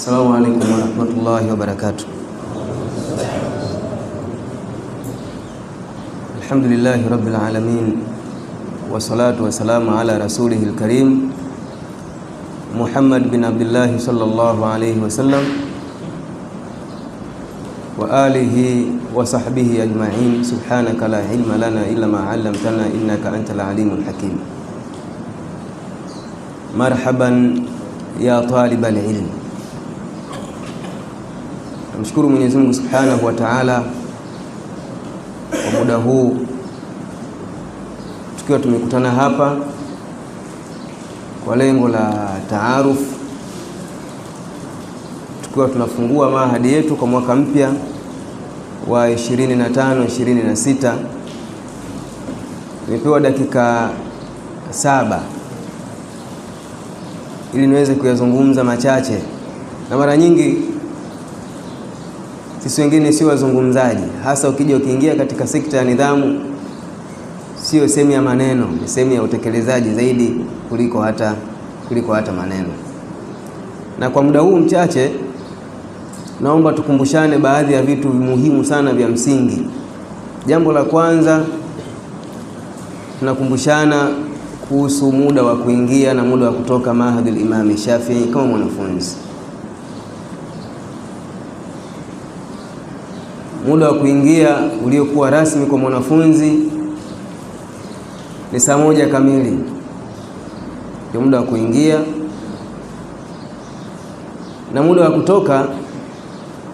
Assalamu alaikum warahmatullahi wabarakatuh. Alhamdulillahi rabbil alamin wassalatu wassalamu ala rasulihil karim Muhammad bin Abdullah sallallahu alaihi wasallam wa alihi wa sahbihi ajma'in subhanaka la ilma lana illa ma 'allamtana innaka antal alimul hakim. Marhaban ya talibal ilm Tumshukuru Mwenyezi Mungu Subhanahu wa Ta'ala kwa muda huu tukiwa tumekutana hapa kwa lengo la taarufu tukiwa tunafungua mahadi yetu kwa mwaka mpya wa 25 26. Nimepewa dakika saba ili niweze kuyazungumza machache, na mara nyingi sisi wengine sio wazungumzaji, hasa ukija ukiingia katika sekta ya nidhamu, sio sehemu ya maneno, ni sehemu ya utekelezaji zaidi kuliko hata, kuliko hata maneno. Na kwa muda huu mchache, naomba tukumbushane baadhi ya vitu muhimu sana vya msingi. Jambo la kwanza, tunakumbushana kuhusu muda wa kuingia na muda wa kutoka mahadhi Imam Shafi'i kama mwanafunzi. muda wa kuingia uliokuwa rasmi kwa mwanafunzi ni saa moja kamili, ndio muda wa kuingia, na muda wa kutoka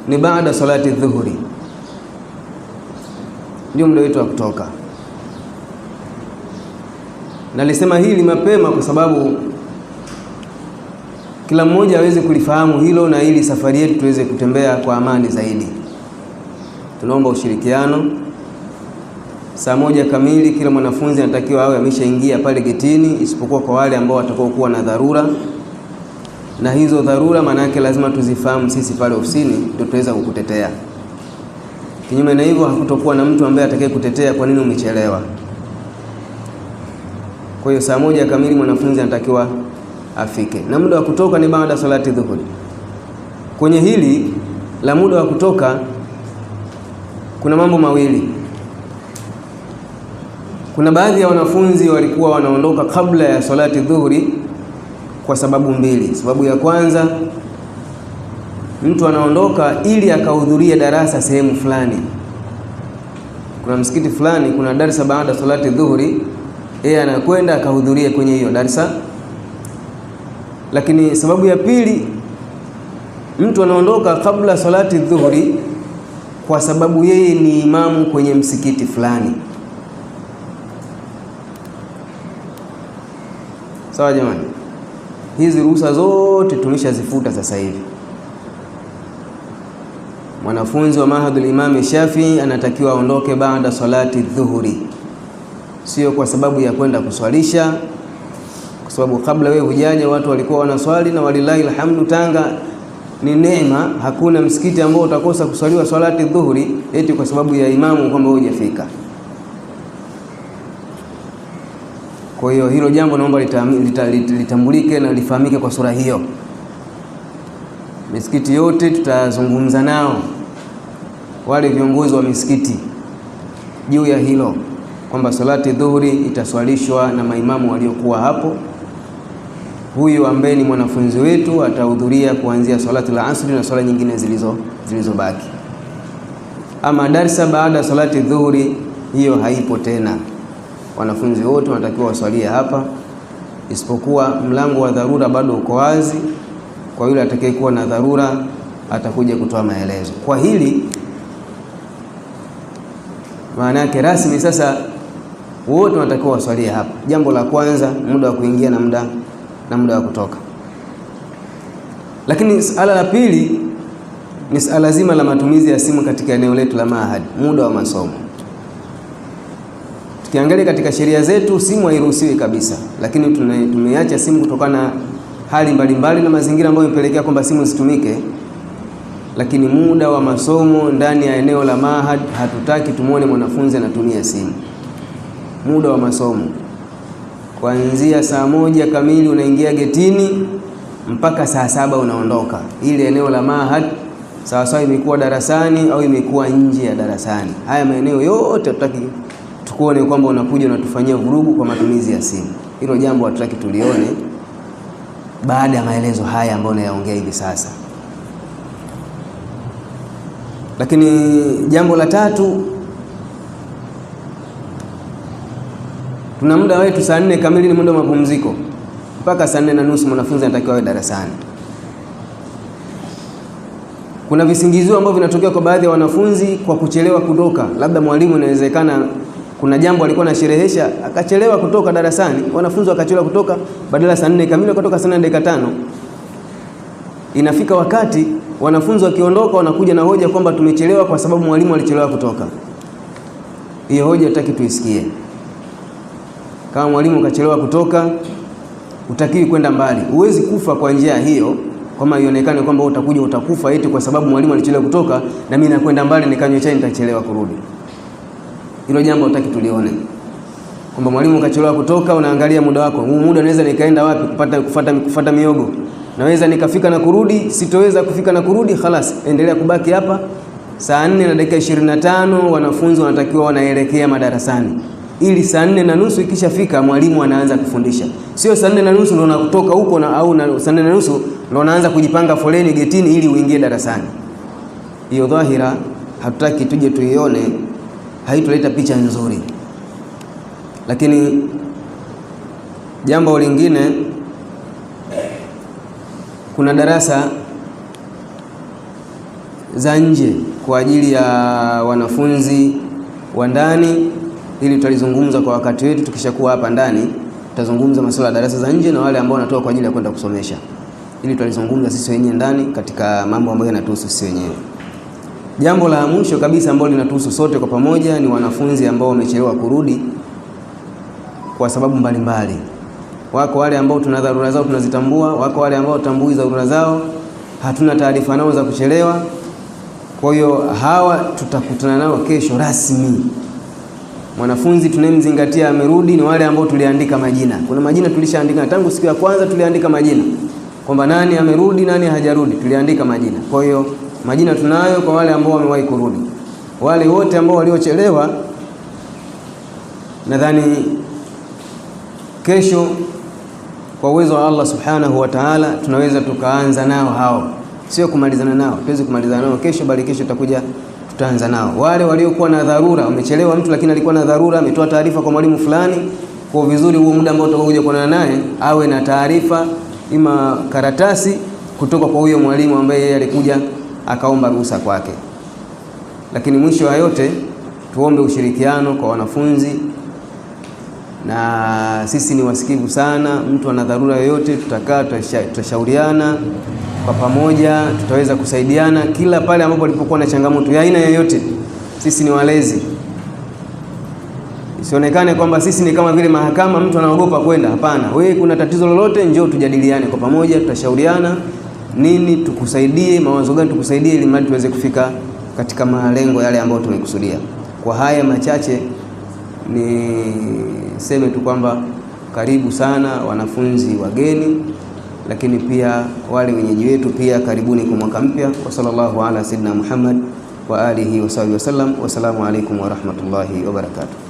ni baada salati dhuhuri, ndio muda wetu wa kutoka. Nalisema hili mapema kwa sababu kila mmoja aweze kulifahamu hilo, na ili safari yetu tuweze kutembea kwa amani zaidi tunaomba ushirikiano. Saa moja kamili kila mwanafunzi anatakiwa awe ameshaingia pale getini, isipokuwa kwa wale ambao watakao kuwa na dharura, na hizo dharura maana yake lazima tuzifahamu sisi pale ofisini, ndio tuweza kukutetea. Kinyume na hivyo, hakutokuwa na mtu ambaye atakaye kutetea kwa nini umechelewa. Kwa hiyo saa moja kamili mwanafunzi anatakiwa afike, na muda wa kutoka ni baada ya salati dhuhuri. Kwenye hili la muda wa kutoka kuna mambo mawili. Kuna baadhi ya wanafunzi walikuwa wanaondoka kabla ya salati dhuhuri kwa sababu mbili. Sababu ya kwanza, mtu anaondoka ili akahudhurie darasa sehemu fulani. Kuna msikiti fulani, kuna darsa baada ya salati dhuhuri, yeye anakwenda akahudhurie kwenye hiyo darsa. Lakini sababu ya pili, mtu anaondoka kabla salati dhuhuri kwa sababu yeye ni imamu kwenye msikiti fulani. Sawa jamani, hizi ruhusa zote tulishazifuta sasa hivi. Mwanafunzi wa Mahadul Imam Shafii anatakiwa aondoke baada salati dhuhuri, sio kwa sababu ya kwenda kuswalisha, kwa sababu kabla wewe hujaja watu walikuwa wanaswali, na walilahi alhamdu Tanga ni neema. Hakuna msikiti ambao utakosa kuswaliwa swalati dhuhuri eti kwa sababu ya imamu kwamba wewe hujafika. Kwa hiyo hilo jambo naomba litambulike na lifahamike kwa sura hiyo. Misikiti yote tutazungumza nao wale viongozi wa misikiti juu ya hilo kwamba salati dhuhuri itaswalishwa na maimamu waliokuwa hapo huyu ambaye ni mwanafunzi wetu atahudhuria kuanzia salati la asri na swala nyingine zilizobaki Ama darsa baada ya salati dhuhuri, hiyo haipo tena. Wanafunzi wote wanatakiwa waswalie hapa, isipokuwa mlango wa dharura bado uko wazi. Kwa yule atakayekuwa na dharura atakuja kutoa maelezo kwa hili. Maana yake rasmi sasa wote wanatakiwa waswalie hapa. Jambo la kwanza, muda wa kuingia na muda na muda wa kutoka. Lakini sala la pili ni sala zima la matumizi ya simu katika eneo letu la mahad muda wa masomo. Tukiangalia katika sheria zetu, simu hairuhusiwi kabisa, lakini tumeacha simu kutokana na hali mbalimbali mbali na mazingira ambayo imepelekea kwamba simu zitumike. Lakini muda wa masomo ndani ya eneo la mahad hatutaki tumwone mwanafunzi anatumia simu muda wa masomo kuanzia saa moja kamili unaingia getini mpaka saa saba unaondoka. ili eneo la Mahad sawasawa, imekuwa darasani au imekuwa nje ya darasani, haya maeneo yote hatutaki tukuone kwamba unakuja unatufanyia vurugu kwa matumizi ya simu. Hilo jambo hatutaki tulione, baada ya maelezo haya ambayo nayaongea hivi sasa. Lakini jambo la tatu Tuna muda wetu saa nne kamili ni muda wa mapumziko, mpaka saa nne na nusu mwanafunzi anatakiwa awe darasani. Kuna visingizio ambavyo vinatokea kwa baadhi ya wanafunzi kwa kuchelewa kutoka, labda mwalimu, inawezekana kuna jambo alikuwa anasherehesha akachelewa kutoka darasani, wanafunzi wakachelewa kutoka, badala saa nne kamili wakatoka saa nne dakika tano. Inafika wakati wanafunzi wakiondoka, wanakuja na hoja kwamba tumechelewa kwa sababu mwalimu alichelewa kutoka. Hiyo hoja tutaki tuisikie. Kama mwalimu ukachelewa kutoka, utakiwi kwenda mbali. Huwezi kufa kwa njia hiyo kama ionekane kwamba utakuja utakufa eti kwa sababu mwalimu alichelewa kutoka na mimi nakwenda mbali nikanywa chai nitachelewa kurudi. Hilo jambo hutaki tulione. Kwamba mwalimu ukachelewa kutoka, unaangalia muda wako. Huu muda naweza nikaenda wapi kupata kufuata kufuata miogo. Naweza nikafika na kurudi, sitoweza kufika na kurudi, khalas, endelea kubaki hapa. Saa 4 na dakika 25 wanafunzi wanatakiwa wanaelekea madarasani ili saa nne na nusu ikishafika mwalimu anaanza kufundisha, sio saa nne na nusu ndo nakutoka huko na au saa nne na nusu ndo naanza kujipanga foleni getini ili uingie darasani. Hiyo dhahira hatutaki tuje tuione, haituleta picha nzuri. Lakini jambo lingine, kuna darasa za nje kwa ajili ya wanafunzi wa ndani Hili tutalizungumza kwa wakati wetu, tukishakuwa hapa ndani tutazungumza masuala ya darasa za nje na wale ambao wanatoa kwa ajili ya kwenda kusomesha. ili tutalizungumza sisi wenyewe ndani katika mambo ambayo yanatuhusu sisi wenyewe. Jambo la mwisho kabisa ambalo linatuhusu sote kwa pamoja ni wanafunzi ambao wamechelewa kurudi kwa sababu mbalimbali mbali. Wako wale ambao tuna dharura zao tunazitambua, wako wale ambao tutambui dharura zao, hatuna taarifa nao za kuchelewa. Kwa hiyo hawa tutakutana nao kesho rasmi. Mwanafunzi tunayemzingatia amerudi ni wale ambao tuliandika majina. Kuna majina tulishaandika tangu siku ya kwanza, tuliandika majina kwamba nani amerudi, nani hajarudi, tuliandika majina. Kwa hiyo majina tunayo kwa wale ambao wamewahi kurudi. Wale wote ambao waliochelewa, nadhani kesho kwa uwezo wa Allah subhanahu wa ta'ala, tunaweza tukaanza nao hao, sio kumalizana nao, tuweze kumalizana nao kesho, bali kesho tutakuja tutaanza nao. Wale waliokuwa na dharura, wamechelewa mtu lakini alikuwa na dharura, ametoa taarifa kwa mwalimu fulani, kwa vizuri, huo muda ambao utakuja kuonana naye awe na taarifa, ima karatasi kutoka kwa huyo mwalimu ambaye yeye alikuja akaomba ruhusa kwake. Lakini mwisho wa yote tuombe ushirikiano kwa wanafunzi, na sisi ni wasikivu sana. Mtu ana dharura yoyote, tutakaa tutashauriana kwa pamoja tutaweza kusaidiana kila pale ambapo alipokuwa na changamoto ya aina yoyote. Sisi ni walezi, isionekane kwamba sisi ni kama vile mahakama, mtu anaogopa kwenda. Hapana, wewe kuna tatizo lolote, njoo tujadiliane kwa pamoja, tutashauriana nini tukusaidie, mawazo gani tukusaidie, ili mradi tuweze kufika katika malengo yale ambayo tumekusudia. Kwa haya machache, niseme tu kwamba karibu sana wanafunzi wageni lakini pia wale wenyeji wetu pia karibuni kwa mwaka mpya. Wa sallallahu ala sayyidina Muhammad wa alihi wa sahbihi wasallam. Wassalamu alaikum warahmatullahi wabarakatuh.